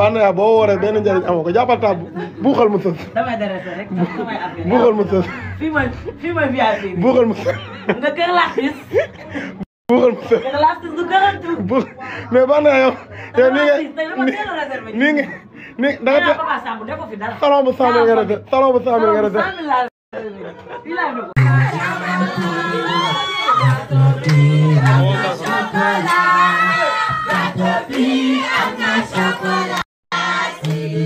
bànneex boo waree benn njëriñ amoo ko jàppal taal buuxal mu sës. damay dara rek damay affaire buuxal mu sës. fii mooy fii mooy VIP. buuxal mu sës. nga kër laa gis. buuxal mu sës. kër laa gis du gërëm bu mais bànneex yow. yow ni nga ni nga ni da nga te salon bu cent mille nga rete salon bu cent mille nga rete.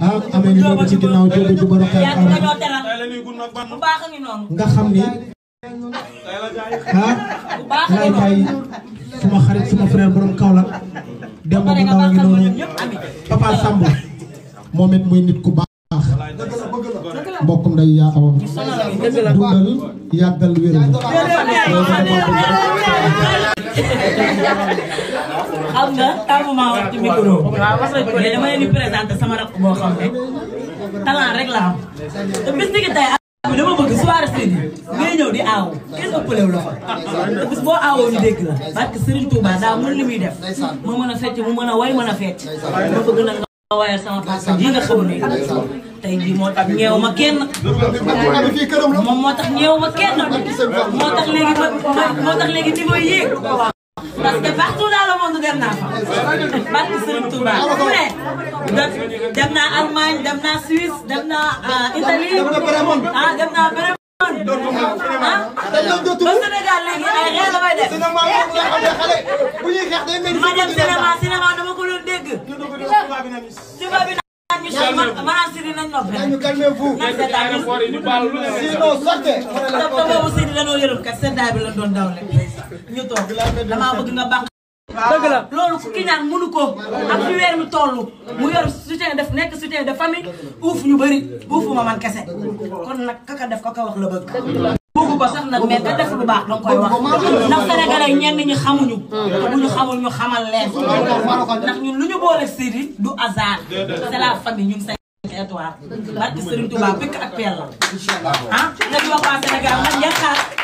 ah amee ñu doon ci ginnaaw jóge ju bari nga xam ni moom it muy nit ku baax mbokkum day yaa awa dundal yàggal wéral xam nga taamu maa wax ci micro. waaw wax dëgg yàlla dama leen di présenté sama rakk boo xam ne talent rek la am te bis ni ki tey dama bëgg soirée Sidi ngay ñëw que Serigne Touba daa mën li muy a fecc a way mën a nga xam ne tey moo tax ñeew ma kenn moo tax ñeew ma kenn moo tax léegi ma moo tax léegi niveau yéeg parce que partout dans le monde jaar naa fa barke Serigne Touba fu ne dem naa Allemagne dem naa Suisse dem naa euh, Italie ah dem naa vraiment ah ba Sénégal léegi ay xeer la may def ma dem cinéma cinéma dama ko doon dégg cinéma bi naan ñu si maanaam Sidi nañ noppi nañ seetaan ñu. boobu Sidi dañoo yërëm kat seddaay bi la doon daw rek ñu toog damaa bëgg nga bànq. dëgg la loolu ki ñaan mënu ko ak fi weer mi toll mu yor soutien def nekk soutien de famille uuf ñu bëri uufuma man kese kon nag kaka def kaka wax la bëgg bëgg ko sax nag mais ka def lu baax danga koy wax ndax sénégalais ñenn ñi xamuñu te bu ñu xamul ñu xamal leen ndax ñun lu ñu boole Sidy du hasard c'est la famille ñun cinq étoiles barki Serigne Touba bëkk ak peel la ah nañu wax waa Sénégal man yaqaar